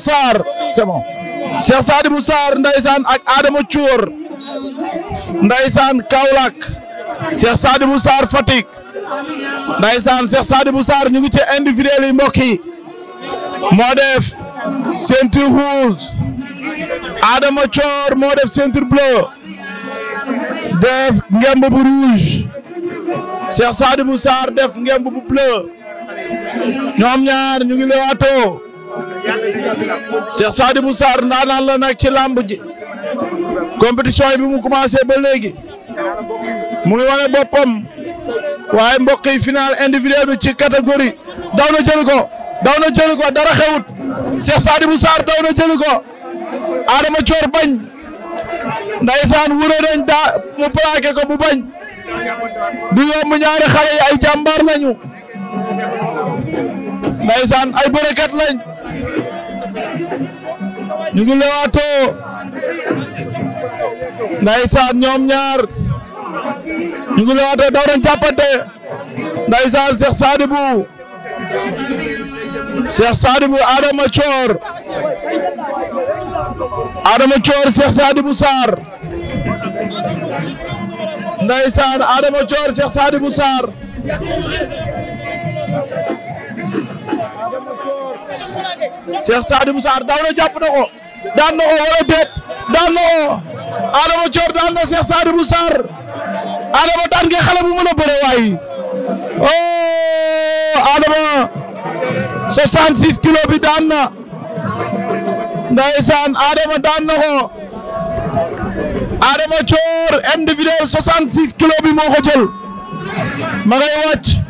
Sarr c'est bon Cheikh Sadibou Sarr ndaysaan ak Adama Thiour ndaysaan Kaolack Cheikh Sadibou Sarr Fatick ndaysaan Cheikh Sadibou ñu ngi ci individuel yi mbokk yi moo def ceinture rouge Adama Thiour moo def ceinture bleu def ngemb bu rouge Cheikh Sadibou Sarr def ngemb bu bleu ñoom ñaar ñu ngi lewaatoo Cheikh Sadibou Sarr ndaanaan la nag ci làmb ji bi mu commencé ba léegi mu ngi wane boppam waaye mbokk yi final individuel bi ci catégorie daw na jël ko daw na jël ko dara daw na jël Adama Coor bañ ndaysaan wure nañ daa mu plaqué ko mu bañ du yomb ñaari xale ay jàmbaar lañu ndaysaan ay bërekat lañ ñu ngi lewaatoo ndaysaan ñoom ñaar ñu ngi lewaatoo daw nañ jàppante ndaysaan Cheikh Sadibou Cheikh Sadibou Adama Thior Adama Thior Cheikh Sadibou Sarr ndaysaan Adama Thior Cheikh Sadibou Sarr Cheikh Sadibou Sarr daw na jàpp na ko daan na ko wala déet daan na ko Adama Dior daan na Cheikh Sadibou Sarr Adama daan nga xale mën a bëre waay oh Adama 66 kilos bi daan na ndeysaan Adama daan na ko Adama Dior individuel 66 kilos bi moo ko jël ma